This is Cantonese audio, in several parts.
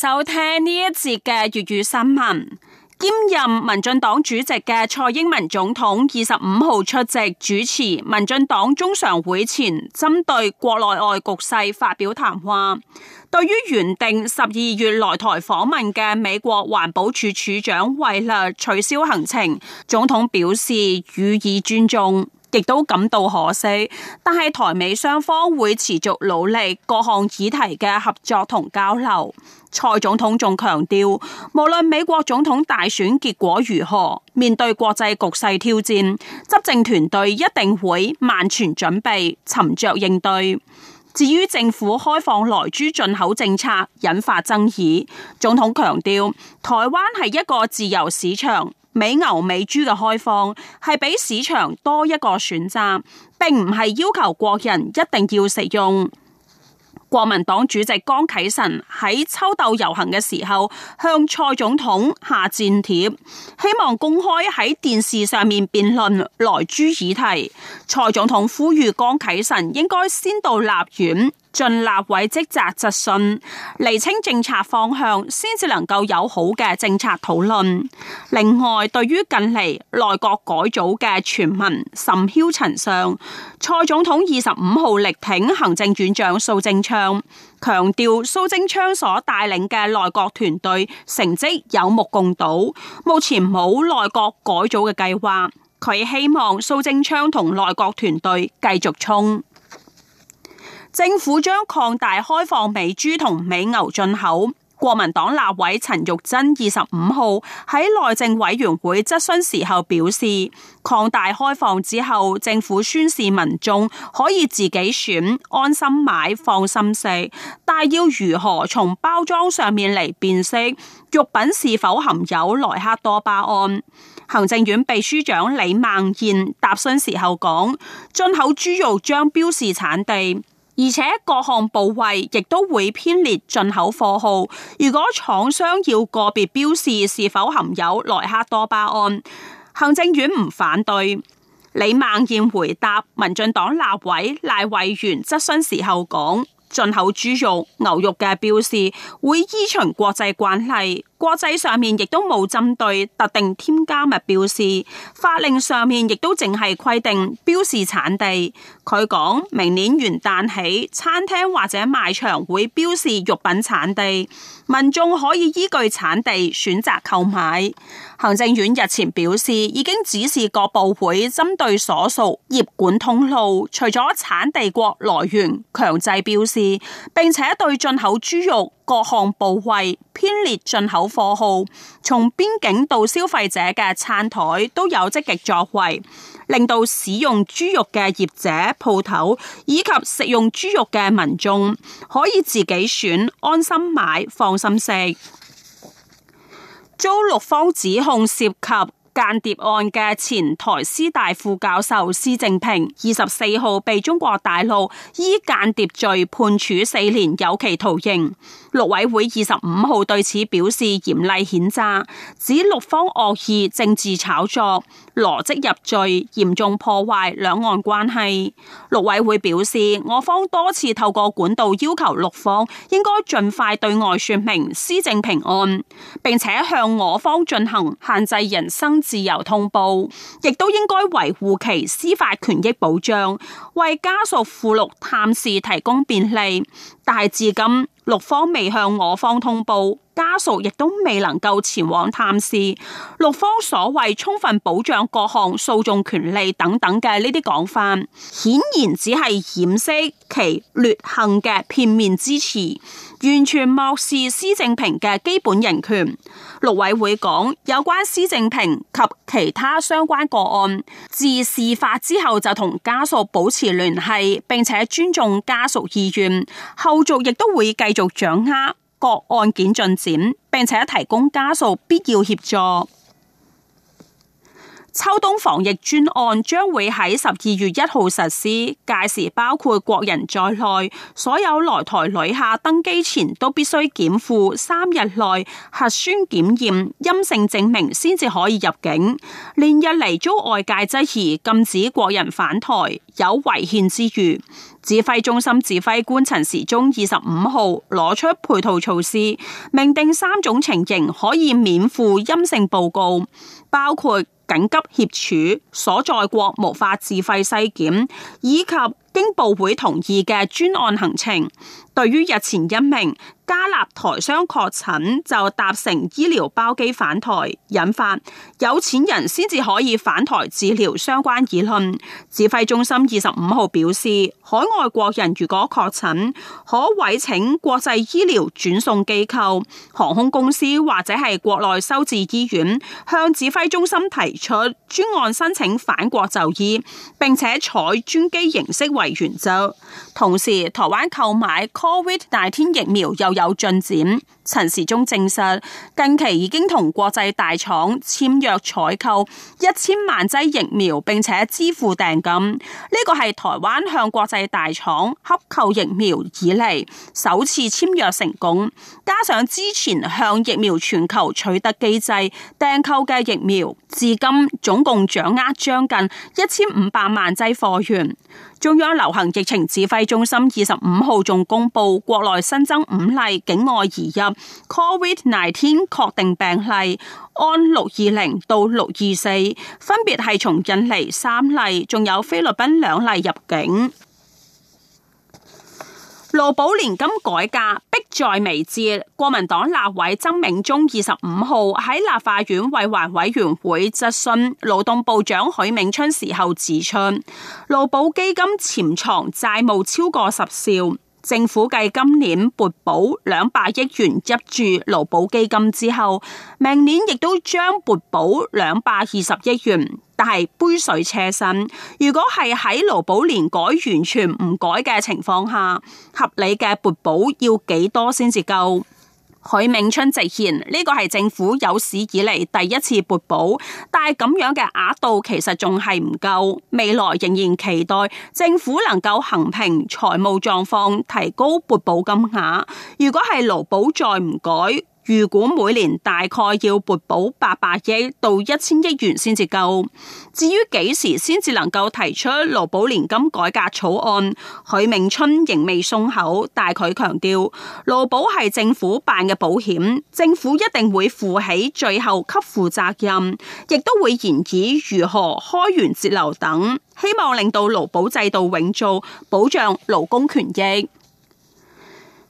收聽呢一節嘅粵語新聞。兼任民進黨主席嘅蔡英文總統二十五號出席主持民進黨中常會前，針對國內外局勢發表談話。對於原定十二月來台訪問嘅美國環保署署長惠勒取消行程，總統表示予以尊重。亦都感到可惜，但係台美雙方會持續努力各項議題嘅合作同交流。蔡總統仲強調，無論美國總統大選結果如何，面對國際局勢挑戰，執政團隊一定會萬全準備，沉着應對。至於政府開放萊豬進口政策引發爭議，總統強調，台灣係一個自由市場。美牛美豬嘅開放係俾市場多一個選擇，並唔係要求國人一定要食用。國民黨主席江啟臣喺秋鬥遊行嘅時候，向蔡總統下戰帖，希望公開喺電視上面辯論萊豬議題。蔡總統呼籲江啟臣應該先到立院。盡立委職責質詢，釐清政策方向，先至能夠有好嘅政策討論。另外，對於近嚟內閣改組嘅傳聞甚囂塵上，蔡總統二十五號力挺行政院長蘇貞昌，強調蘇貞昌所帶領嘅內閣團隊成績有目共睹，目前冇內閣改組嘅計劃。佢希望蘇貞昌同內閣團隊繼續衝。政府將擴大開放美豬同美牛進口。國民黨立委陳玉珍二十五號喺內政委員會質詢時候表示，擴大開放之後，政府宣示民眾可以自己選，安心買，放心食。但要如何從包裝上面嚟辨識肉品是否含有萊克多巴胺？行政院秘書長李孟諺答詢時候講，進口豬肉將標示產地。而且各項部位亦都會編列進口貨號，如果廠商要個別標示是否含有萊克多巴胺，行政院唔反對。李孟燕回答，民進黨立委賴惠源質詢時候講，進口豬肉、牛肉嘅標示會依循國際慣例。國際上面亦都冇針對特定添加物標示，法令上面亦都淨係規定標示產地。佢講明年元旦起，餐廳或者賣場會標示肉品產地，民眾可以依據產地選擇購買。行政院日前表示，已經指示各部會針對所屬業管通路，除咗產地國來源強制標示，並且對進口豬肉各項部位編列進口貨號從邊境到消費者嘅餐台都有積極作為，令到使用豬肉嘅業者、鋪頭以及食用豬肉嘅民眾可以自己選，安心買，放心食。遭六方指控涉及。間諜案嘅前台師大副教授施正平，二十四號被中國大陸依間諜罪判處四年有期徒刑。陸委會二十五號對此表示嚴厲譴責，指陸方惡意政治炒作，邏輯入罪，嚴重破壞兩岸關係。陸委會表示，我方多次透過管道要求陸方應該盡快對外說明施正平案，並且向我方進行限制人身，自由通報，亦都應該維護其司法權益保障，為家屬赴陸探視提供便利。但係至今，陸方未向我方通報，家屬亦都未能夠前往探視。陸方所謂充分保障各項訴訟權利等等嘅呢啲講法，顯然只係掩飾其劣行嘅片面之詞，完全漠視施正屏嘅基本人權。陸委會講，有關施正屏及其他相關個案，自事發之後就同家屬保持聯繫，並且尊重家屬意願後。後續亦都會繼續掌握各案件進展，並且提供家屬必要協助。秋冬防疫專案將會喺十二月一號實施，屆時包括國人在內，所有來台旅客登機前都必須檢附三日內核酸檢驗陰性證明，先至可以入境。連日嚟遭外界質疑，禁止國人返台有違憲之虞。指揮中心指揮官陳時中二十五號攞出配套措施，明定三種情形可以免附陰性報告，包括。緊急協助所在國無法自費篩檢，以及經部會同意嘅專案行程。對於日前一名加納台商確診，就搭乘醫療包機返台，引發有錢人先至可以返台治療相關議論。指揮中心二十五號表示，海外國人如果確診，可委請國際醫療轉送機構、航空公司或者係國內收治醫院，向指揮中心提出專案申請返國就醫，並且採專機形式為原則。同時，台灣購買 Covid 大天疫苗又有進展，陳時中證實近期已經同國際大廠簽約採購一千萬劑疫苗，並且支付訂金。呢個係台灣向國際大廠洽購疫苗以嚟首次簽約成功，加上之前向疫苗全球取得機制訂購嘅疫苗，至今總共掌握將近一千五百萬劑貨源。中央流行疫情指揮中心二十五號仲，公布國內新增五例境外移入 Covid nineteen 確定病例，案六二零到六二四分別係從印尼三例，仲有菲律賓兩例入境。勞保年金改革迫在眉睫，國民黨立委曾銘忠二十五號喺立法院衛環委員會質詢勞動部長許銘春時候，候指出勞保基金潛藏債務超過十兆，政府繼今年撥補兩百億元挹注勞保基金之後，明年亦都將撥補兩百二十億元。但係杯水車薪。如果係喺勞保年改完全唔改嘅情況下，合理嘅撥補要幾多先至夠？許銘春直言，呢個係政府有史以嚟第一次撥補，但係咁樣嘅額度其實仲係唔夠。未來仍然期待政府能夠衡平財務狀況，提高撥補金額。如果係勞保再唔改。如果每年大概要撥補八百億到一千億元先至夠，至於幾時先至能夠提出勞保年金改革草案，許銘春仍未鬆口，但佢強調勞保係政府辦嘅保險，政府一定會負起最後給付責任，亦都會研議如何開源節流等，希望令到勞保制度永續，保障勞工權益。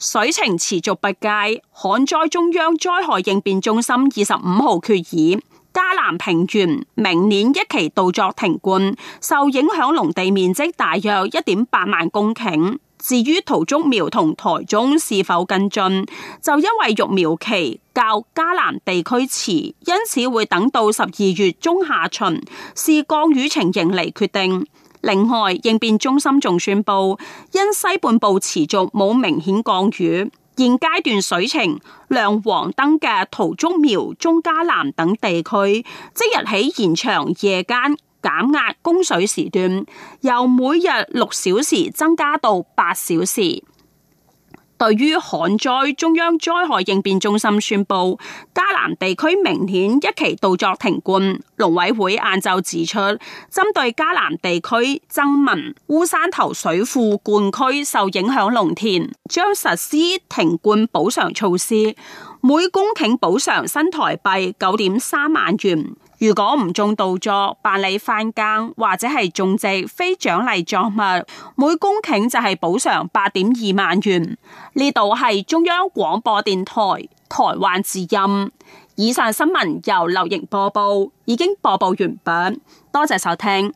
水情持續不佳，旱災中央災害應變中心二十五號決議，嘉南平原明年一期稻作停灌，受影響農地面積大約一點八萬公頃。至於桃竹苗同台中是否跟進，就因為育苗期較嘉南地區遲，因此會等到十二月中下旬視降雨情形嚟決定。另外，應變中心仲宣佈，因西半部持續冇明顯降雨，現階段水情亮黃燈嘅桃竹苗、中嘉南等地區，即日起延長夜間減壓供水時段，由每日六小時增加到八小時。對於旱災，中央災害應變中心宣布，嘉南地區明顯一期稻作停灌。農委會晏晝指出，針對嘉南地區曾文烏山頭水庫灌區受影響農田，將實施停灌補償措施，每公頃補償新台幣九點三萬元。如果唔種稻作，辦理翻耕或者係種植非獎勵作物，每公頃就係補償八點二萬元。呢度係中央廣播電台台灣之音。以上新聞由劉瑩播報，已經播報完畢，多謝收聽。